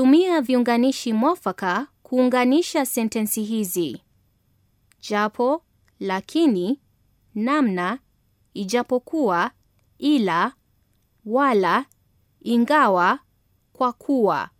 Tumia viunganishi mwafaka kuunganisha sentensi hizi: japo, lakini, namna, ijapokuwa, ila, wala, ingawa, kwa kuwa.